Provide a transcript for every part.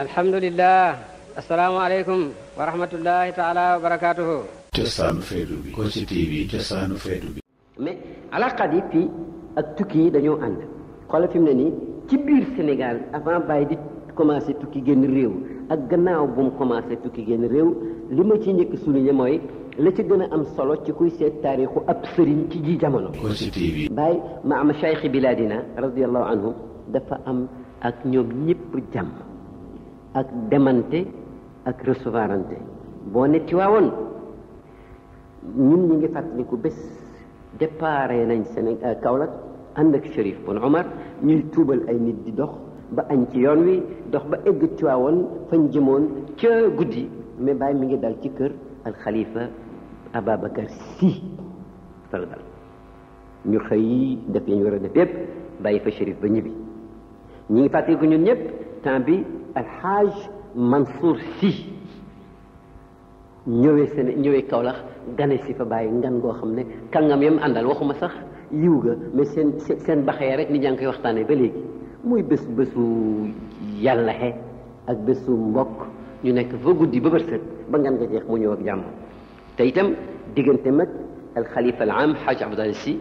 alhamdulilah asalaamaaleykum wa rahmatullahi taala wa barakaatuhu cosaanu feetu bi Kossy TV cosaanu feetu bi mais alaqaat yi fii ak tukki dañoo ànd xoolal fi mu ne nii ci biir Sénégal avant Baye di commencé tukki génn réew ak gannaaw bu mu commencé tukki génn réew li ma ci njëkk souligné mooy la ci gën am solo ci kuy seet taarixu ab ci ji jamono Kossy TV Baye ma am cheikh bilaadina radiallahu anhu dafa am ak ñoom ñëpp jàmm ak demante ak recevoirante boo ne Tiwaawoon ñun ñu ngi fàttaliku bés déparé nañ Sénégal euh, Kaolack ànd ak Chérif Bon Omar ñuy tuubal ay nit di dox ba añ ci yoon wi dox ba egg Tiwaawoon fañ jëmoon ca guddi mais bàyyi mi ngi dal ci kër alxalifa Ababacar Sy fa la dal ñu xëy def yi ñu war a def yépp bàyyi fa Chérif ba ñibbi ñi ngi fàttaliku ñun ñëpp temps bi الحاج منصور سي نيوي سن نيوي كولاخ غاني سي فباي نغان غو خامن كانغام يم اندال واخوما صاح يوغا مي سن سن باخي رك ني جانكاي واختاني بليغي موي بس بسو يالا هي اك بسو موك ني نيك فو غودي ببرسات با نغان غا مو نيوك جام تايتام ديغنتي مك الخليفه العام حاج عبد الله السي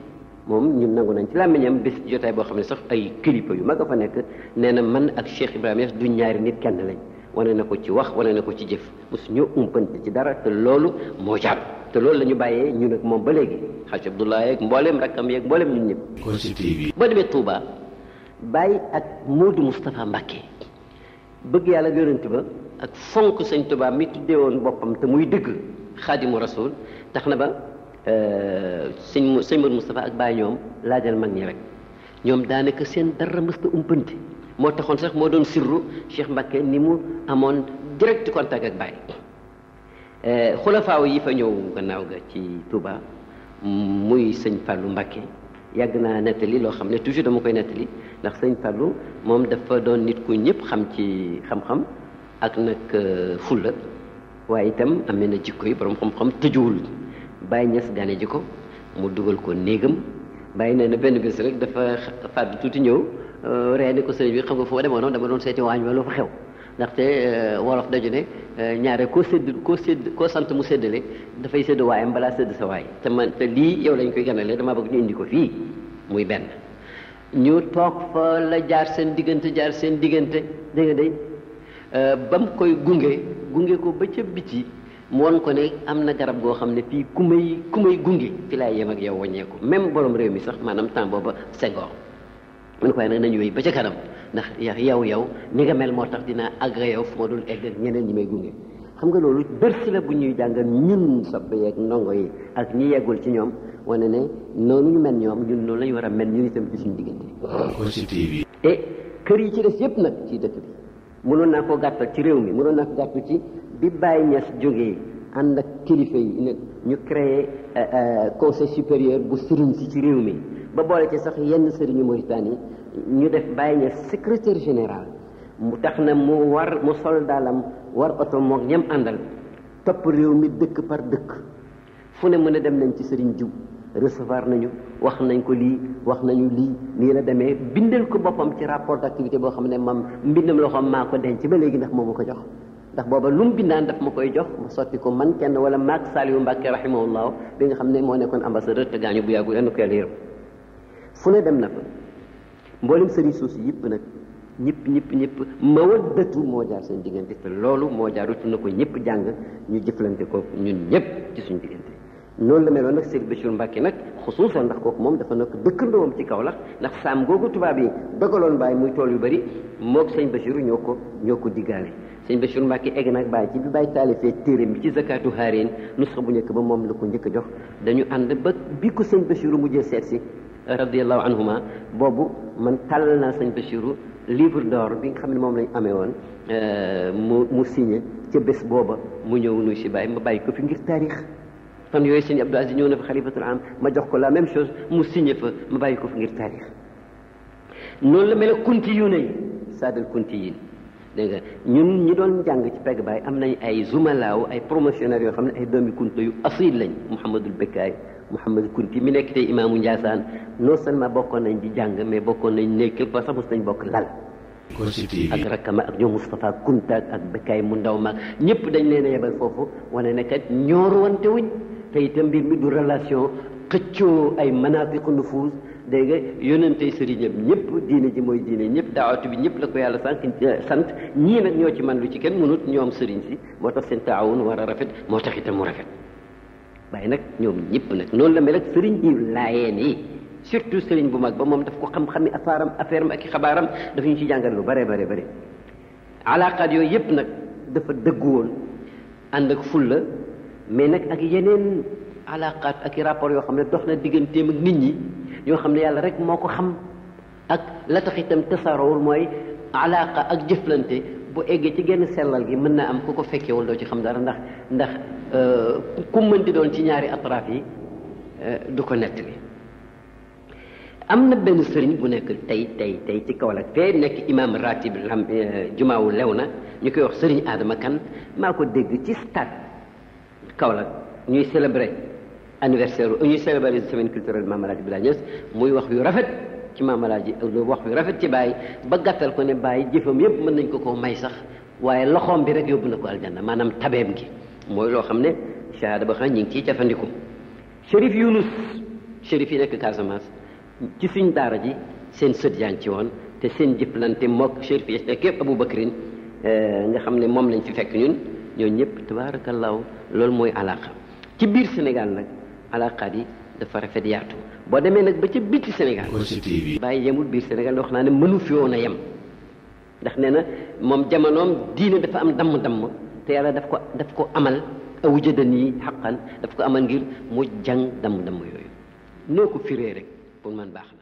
moom ñu nangu nañ ci làmmiñam bés jotaay boo xam ne sax ay kilifa yu mag a fa nekk nee na man ak Cheikh Ibrahima Niass du ñaari nit kenn lañ wane na ko ci wax wane na ko ci jëf mosu ñoo umpante ci dara te loolu moo jàpp te loolu la ñu bàyyee ñu ak moom ba léegi xaj Abdoulaye yeeg mbooleem rakkam yeeg mbooleem ñun ñëpp. Kossy TV. boo demee Touba bàyyi ak Modou Moustapha Mbacké bëgg yàlla yonent ba ak fonk sëñ Touba mi tuddee woon boppam te muy dëgg xaadimu rasul tax na ba. Euh, sëñ sëñ Mourou Moustapha ak Baye ñoom laajal mag ñi rek ñoom daanaka seen dara mës umpante moo taxoon sax moo doon sirru Cheikh Mbacke ni mu amoon direct contact ak Baye euh, xulafaaw yi fa ñëw gannaaw ga ci Touba muy sëñ Fallou Mbacke yàgg naa nettali loo xam ne toujours dama koy nettali ndax sëñ Fallou moom dafa doon nit ku ñëpp xam ci xam-xam ak nag euh, fulla waaye itam amee na jikko yi borom xam-xam tëjuwul. Baye Niass gane ji ko mu dugal ko néegam Baye nee na benn bés rek dafa fàddu tuuti ñëw euh, ree ni ko sëriñ bi xam nga fu ma demoon dama doon seeti waañ wala fa xew ndaxte euh, wolof daju ne euh, ñaare koo sédd koo sédd koo sant mu seddale dafay sédd waayam balaa sédd sa waay te man te lii yow lañ koy ganale dama bëgg ñu indi ko fii muy benn ñu toog fa la jaar seen diggante jaar seen diggante dégg nga day ba koy gunge gunge ko ba ca biti mu ko ne am na garab goo xam ne fii ku may ku may gunge fi laay yem ak yow wàññeeku même borom réew mi sax maanaam temps booba Senghor mu ne ko waaye nag nañu ba ca kanam ndax yow yow ni nga mel moo tax dinaa àgg yow fu ma dul egg ak ñeneen ñi gunge xam nga loolu dërsi la bu ñuy jàngal ñun soppe yeeg ndongo yi ak ñi yeggul ci ñoom wane ne noonu ñu mel ñoom ñun loolu la ñu war a mel ñun itam ci suñu diggante. te kër yi ci des yëpp nag ci dëkk bi. mënoon naa koo gàttal ci réew mi mënoon naa ko gàttal ci bi Baye Niass jógee ànd ak kilifa yi nag ñu créé euh, euh, conseil supérieur bu sëriñ si ci réew mi ba boole ci sax yenn sëriñu Mauritanie ñu def Baye Niass secretaire général mu tax na mu war mu sol daalam war oto moog ñam àndal topp réew mi dëkk par dëkk fu ne mën a dem nañ ci sëriñ jub recevoir nañu wax nañ ko lii wax nañu lii nii la demee bindal ko boppam ci rapport activité boo xam ne moom mbindam loo xam maa ko denc ba léegi ndax moo ma ko jox ndax booba lu mu bindaan daf ma koy jox ma sotti ko man kenn wala maag Saliou Mbacke rahimahullah bi nga xam ne moo nekkoon ambassadeur te gaañu bu yàggul yenn ko yàlla yërëm fu dem na fa mboolem sëriñ suuf si yëpp nag ñëpp ñëpp ñëpp mawaddatu moo jaar seen diggante te loolu moo jaarut na ko ñëpp jàng ñu jëflante ko ñun ñëpp ci suñu diggante noonu la meloon nag Sëriñ Bachir Mbacke nag xusuusan ndax kooku moom dafa nekk dëkkandoom ci Kaolack ndax saam googu tubaab yi dogaloon bàyyi muy tool yu bëri moog Sëriñ Bachir ñoo ko ñoo ko diggaale Sëriñ Bachir Mbacke egg nag bàyyi ci bi bàyyi taalifee téere bi ci zakatu haareen nusxa bu njëkk ba moom la ko njëkk jox dañu ànd ba bi ko Sëriñ Bachir mujjee seet si radiallahu anhuma boobu man tàllal naa Sëriñ Bachir livre d'or bi nga xam ne moom lañ amee woon euh, mu mu signé ca bés booba mu ñëw nuy si bàyyi ma bàyyi ko fi ngir taarix fan yooyu sëñ Abdou Aziz ñëw na fi xalifatul am ma jox ko la même chose mu signé fa ma bàyyi ko fi ngir taarix noonu la mel kunti yu ne saadal kunti yi dégg nga ñun ñi doon jàng ci pegg baay am nañ ay zumalaaw ay promotionnaires yoo xam ne ay doomi kunti yu asil lañ Mouhamadul Bekkaay Mouhamadul Kunti mi nekk tey imaamu Ndiassane non seulement bokkoon nañ di jàng mais bokkoon nañ nekkal nañ bokk lal. ak rakkama ak ñoom Moustapha Kunta ak Bekkaay mu ndaw ma ñëpp dañ leen a yebal foofu wane ne ñoor wante wuñ. تيتم بمدو رلاسيون قتشو اي مناطق النفوذ دغه يونتي سيرينم نيب دينا جي موي دينا نيب دعوت بي نيب لاكو يالا سانك سانت ني نك نيو تي مان لو تي كين مونوت نيوم سيرين سي موتا سين تعاون ورا رافيت موتا خيت مو رافيت باي نك نيوم نيب نك نون لا ملك سيرين جي لايني سورتو سيرين بو ماك با موم داف خم خمي افارم افيرم اكي خبارم داف سي جانغال لو بري بري بري علاقات يو يب نك داف دغ اندك فول mais nag ak yeneen alaqaat ak rapport yoo xam ne dox na digganteem ak nit ñi yoo xam ne yàlla rek moo ko xam ak la tax itam tasaaroowul mooy alaqa ak jëflante bu eggee ci genn sellal gi mën naa am ku ko fekkewul doo ci xam dara ndax ndax ku mën doon ci ñaari atraaf yi du ko nettali am na benn sëriñ bu nekk tey tey tey ci Kaolack te nekk imam ratib lam jumaawu lew na ñu koy wax sëriñ Adama Kan maa ko dégg ci stade Kaolack ñuy célébrer anniversaire ñuy célébrer semaine culturelle Maam Alaaji Abdoulaye Niass muy wax yu rafet ci Maam Alaaji ak wax yu rafet ci Baye ba gàttal ko ne Baye jëfam yëpp mën nañ ko koo may sax waaye loxoom bi rek yóbbu na ko aljanna maanaam tabeem gi mooy loo xam ne shahada ba xam ñi ngi ciy jafandiku Chérif Younous Chérif yi nekk Casamance ci suñ daara ji seen sët yaa ngi ci woon te seen jëflante mook Chérif yi nekk yëpp Abou Bakrin nga xam ne moom lañ fi fekk ñun ñooñu ñëpp tabaarakallaahu loolu mooy alaqa ci biir Sénégal nag alaqaat yi dafa rafet yaatu boo demee nag ba ca biti Sénégal. bàyyi yemul biir Sénégal wax naa ne mënu fi woon a yem ndax nee na moom jamonoom diine dafa am damm-damm te yàlla daf ko daf ko amal aw jëdan yi xaqan daf ko amal ngir mu jàng damm-damm yooyu noo ko firee rek pour man baax